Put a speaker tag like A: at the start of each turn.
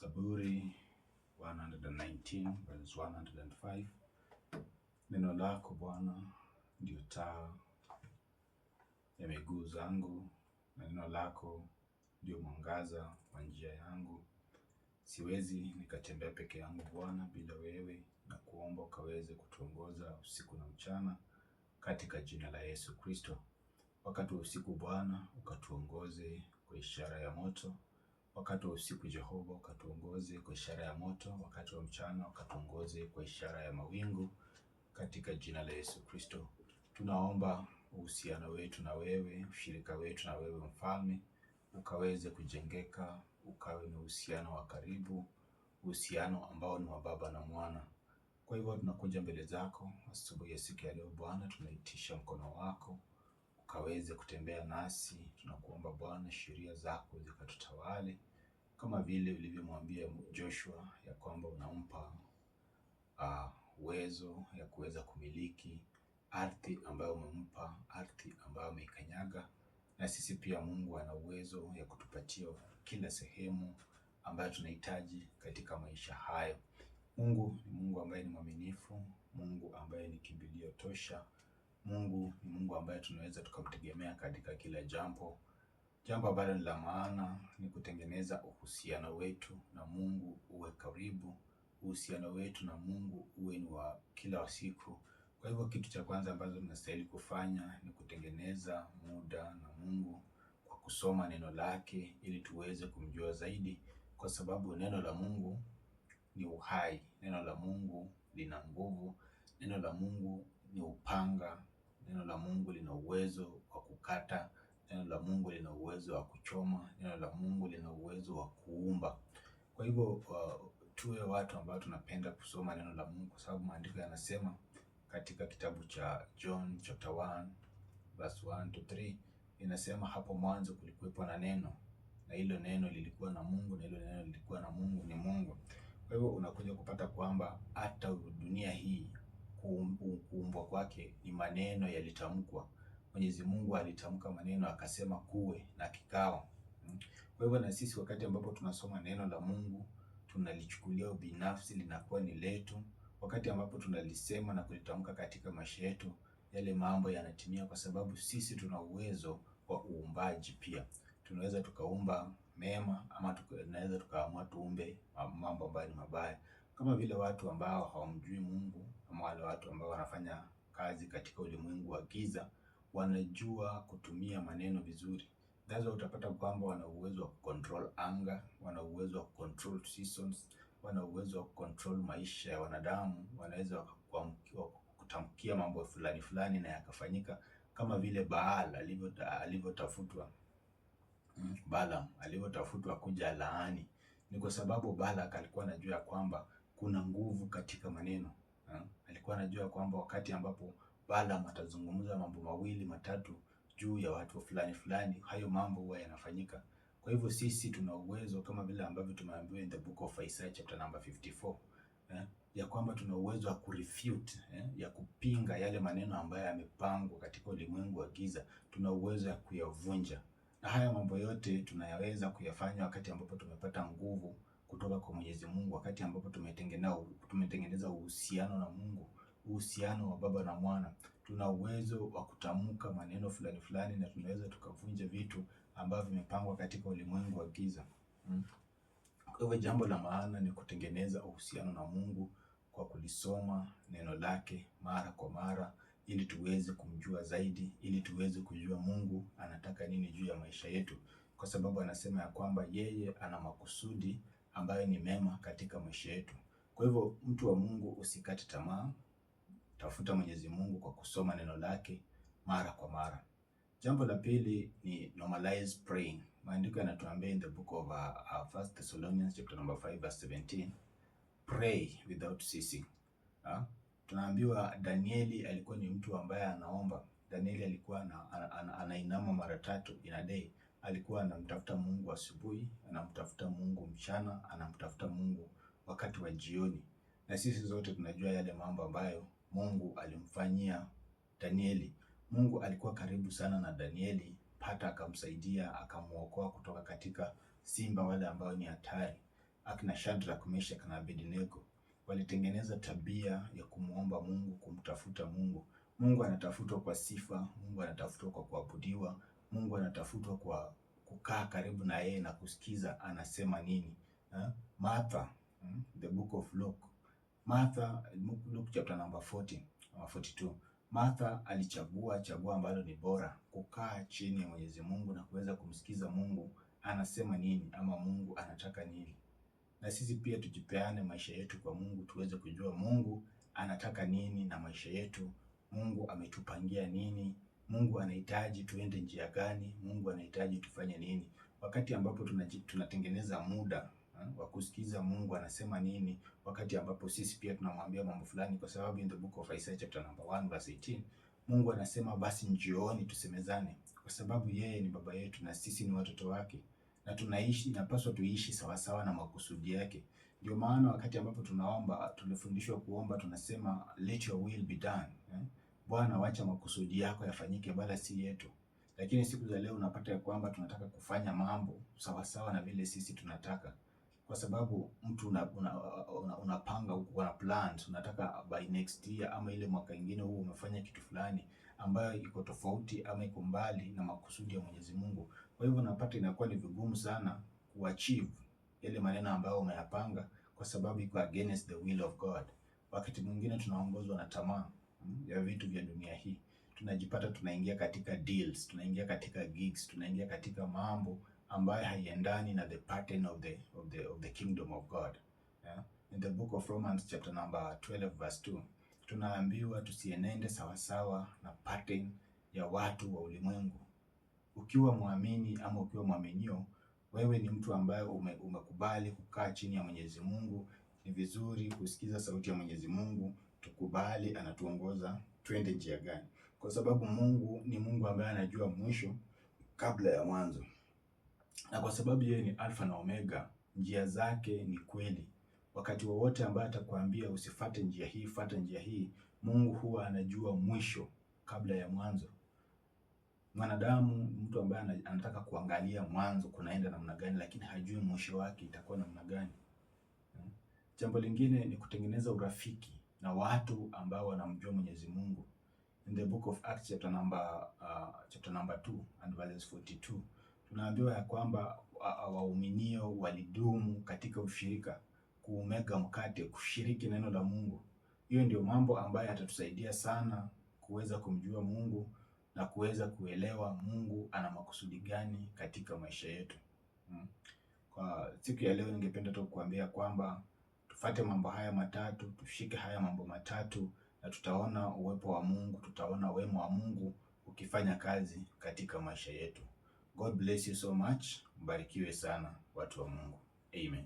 A: Zaburi 119 verse 105. Neno lako Bwana ndio taa ya miguu zangu na neno lako ndio mwangaza wa njia yangu. Siwezi nikatembea peke yangu Bwana bila wewe, na kuomba ukaweze kutuongoza usiku na mchana, katika jina la Yesu Kristo. Wakati wa usiku Bwana ukatuongoze kwa ishara ya moto Wakati wa usiku Jehova ukatuongoze kwa ishara ya moto, wakati wa mchana ukatuongoze kwa ishara ya mawingu. Katika jina la Yesu Kristo tunaomba uhusiano wetu na wewe, ushirika wetu na wewe Mfalme ukaweze kujengeka, ukawe ni uhusiano wa karibu, uhusiano ambao ni wa Baba na Mwana. Kwa hivyo tunakuja mbele zako asubuhi ya siku ya leo Bwana, tunaitisha mkono wako ukaweze kutembea nasi. Tunakuomba Bwana, sheria zako zikatutawale kama vile ulivyomwambia Joshua ya kwamba unampa ah, uwezo uh, ya kuweza kumiliki ardhi ambayo umempa, ardhi ambayo ameikanyaga. Na sisi pia Mungu ana uwezo ya kutupatia kila sehemu ambayo tunahitaji katika maisha hayo. Mungu ni Mungu ambaye ni mwaminifu, Mungu ambaye ni kimbilio tosha, Mungu ni Mungu ambaye tunaweza tukamtegemea katika kila jambo Jambo ambalo ni la maana ni kutengeneza uhusiano wetu na Mungu uwe karibu, uhusiano wetu na Mungu uwe ni wa kila siku. Kwa hivyo kitu cha kwanza ambacho tunastahili kufanya ni kutengeneza muda na Mungu kwa kusoma neno lake ili tuweze kumjua zaidi, kwa sababu neno la Mungu ni uhai, neno la Mungu lina nguvu, neno la Mungu ni upanga, neno la Mungu lina uwezo wa kukata Neno la Mungu lina uwezo wa kuchoma, neno la Mungu lina uwezo wa kuumba. Kwa hivyo uh, tuwe watu ambao tunapenda kusoma neno la Mungu kwa sababu maandiko yanasema katika kitabu cha John chapter 1 verse 1 to 3 inasema, hapo mwanzo kulikuwepo na neno na hilo neno lilikuwa na Mungu na hilo neno lilikuwa na Mungu ni Mungu. Kwa hivyo unakuja kupata kwamba hata dunia hii kuumbwa kwake ni maneno yalitamkwa Mwenyezi Mungu alitamka maneno akasema kuwe na kikao. Kwa hivyo na sisi wakati ambapo tunasoma neno la Mungu tunalichukulia binafsi, linakuwa ni letu. Wakati ambapo tunalisema na kulitamka katika maisha yetu, yale mambo yanatimia, kwa sababu sisi tuna uwezo wa uumbaji. Pia tunaweza tukaumba mema ama tunaweza tukaamua tuumbe mambo ambayo ni mabaya, kama vile watu ambao hawamjui Mungu ama wale watu ambao wanafanya kazi katika ulimwengu wa giza wanajua kutumia maneno vizuri. That's why utapata kwamba wana uwezo wa control anger, wana uwezo wa control seasons, wana uwezo wa control maisha ya wanadamu, wanaweza kutamkia mambo fulani fulani na yakafanyika, kama vile Baal alivyotafutwa mm, Balaam alivyotafutwa kuja laani, ni kwa sababu Balak alikuwa anajua ya kwamba kuna nguvu katika maneno ha? Alikuwa anajua kwamba wakati ambapo Balaam atazungumza mambo mawili matatu juu ya watu fulani fulani. Hayo mambo huwa yanafanyika. Kwa hivyo sisi tuna uwezo kama vile ambavyo tumeambiwa in the book of Isaiah chapter number 54 eh, ya kwamba tuna uwezo wa kurefute eh, ya kupinga yale maneno ambayo yamepangwa katika ulimwengu wa giza. Tuna uwezo ya kuyavunja, na haya mambo yote tunayaweza kuyafanya wakati ambapo tumepata nguvu kutoka kwa Mwenyezi Mungu, wakati ambapo tumetengeneza uhusiano na Mungu uhusiano wa baba na mwana. Tuna uwezo wa kutamka maneno fulani fulani na tunaweza tukavunja vitu ambavyo vimepangwa katika ulimwengu wa giza. Mm. Kwa hivyo jambo la maana ni kutengeneza uhusiano na Mungu kwa kulisoma neno lake mara kwa mara ili tuweze kumjua zaidi, ili tuweze kujua Mungu anataka nini juu ya maisha yetu, kwa sababu anasema ya kwamba yeye ana makusudi ambayo ni mema katika maisha yetu. Kwa hivyo mtu wa Mungu, usikate tamaa. Tafuta Mwenyezi Mungu kwa kusoma neno lake mara kwa mara. Jambo la pili ni normalize praying. Maandiko yanatuambia in the book of uh, uh, First Thessalonians chapter number 5 verse 17, pray without ceasing. Ha? Ah, tunaambiwa Danieli alikuwa ni mtu ambaye anaomba. Danieli alikuwa anainama ana, ana mara tatu in a day. Alikuwa anamtafuta Mungu asubuhi, anamtafuta Mungu mchana, anamtafuta Mungu wakati wa jioni. Na sisi zote tunajua yale mambo ambayo Mungu alimfanyia Danieli. Mungu alikuwa karibu sana na Danieli, pata akamsaidia akamwokoa kutoka katika simba wale ambao ni hatari. Akina Shadrach, Meshach na Abednego walitengeneza tabia ya kumwomba Mungu, kumtafuta Mungu. Mungu anatafutwa kwa sifa, Mungu anatafutwa kwa kuabudiwa, Mungu anatafutwa kwa kukaa karibu na yeye na kusikiza anasema nini. Eh? Martha, hmm? the book of Luke Martha, Luke chapter number 40, 42. Martha alichagua chagua ambalo ni bora, kukaa chini ya Mwenyezi Mungu na kuweza kumsikiza Mungu anasema nini ama Mungu anataka nini. Na sisi pia tujipeane maisha yetu kwa Mungu tuweze kujua Mungu anataka nini na maisha yetu. Mungu ametupangia nini? Mungu anahitaji tuende njia gani? Mungu anahitaji tufanye nini? Wakati ambapo tunatengeneza muda wa kusikiza Mungu anasema nini wakati ambapo sisi pia tunamwambia mambo fulani, kwa sababu in the book of Isaiah chapter number 1 verse 18 Mungu anasema basi njooni tusemezane, kwa sababu yeye ni baba yetu na sisi ni watoto wake, na tunaishi inapaswa tuishi sawasawa na makusudi yake. Ndio maana wakati ambapo tunaomba, tulifundishwa kuomba, tunasema let your will be done eh? Bwana, wacha makusudi yako yafanyike, bala si yetu. Lakini siku za leo unapata ya kwamba tunataka kufanya mambo sawasawa na vile sisi tunataka kwa sababu mtu unapanga una, una, una una plan unataka by next year ama ile mwaka ingine huo umefanya kitu fulani ambayo iko tofauti ama iko mbali na makusudi ya Mwenyezi Mungu. Kwa hivyo unapata inakuwa ni vigumu sana kuachieve yale maneno ambayo umeyapanga, kwa sababu iko against the will of God. Wakati mwingine tunaongozwa na tamaa hmm, ya vitu vya dunia hii, tunajipata tunaingia katika deals, tunaingia katika gigs, tunaingia katika mambo ambayo haiendani na the pattern of the, of the, of the kingdom of God yeah? In the book of Romans chapter number 12 verse 2 tunaambiwa tusienende sawasawa na pattern ya watu wa ulimwengu. Ukiwa mwamini ama ukiwa mwaminio, wewe ni mtu ambaye ume, umekubali kukaa chini ya Mwenyezi Mungu. Ni vizuri kusikiza sauti ya Mwenyezi Mungu, tukubali anatuongoza twende njia gani, kwa sababu Mungu ni Mungu ambaye anajua mwisho kabla ya mwanzo na kwa sababu yeye ni Alfa na Omega, njia zake ni kweli. Wakati wowote wa ambaye atakwambia usifate njia hii, fata njia hii, Mungu huwa anajua mwisho kabla ya mwanzo. Mwanadamu mtu ambaye anataka kuangalia mwanzo kunaenda namna gani, lakini hajui mwisho wake itakuwa namna gani. Jambo lingine ni kutengeneza urafiki na watu ambao wanamjua Mwenyezi Mungu. In the book of Acts chapter number uh, chapter number 2 and verse 42 tunaambiwa ya kwamba waaminio walidumu katika ushirika, kuumega mkate, kushiriki neno la Mungu. Hiyo ndio mambo ambayo yatatusaidia sana kuweza kumjua Mungu na kuweza kuelewa Mungu ana makusudi gani katika maisha yetu. Hmm. Kwa siku ya leo, ningependa tu kukuambia kwamba tufate mambo haya matatu, tushike haya mambo matatu, na tutaona uwepo wa Mungu, tutaona wema wa Mungu ukifanya kazi katika maisha yetu. God bless you so much. Mbarikiwe sana watu wa Mungu. Amen.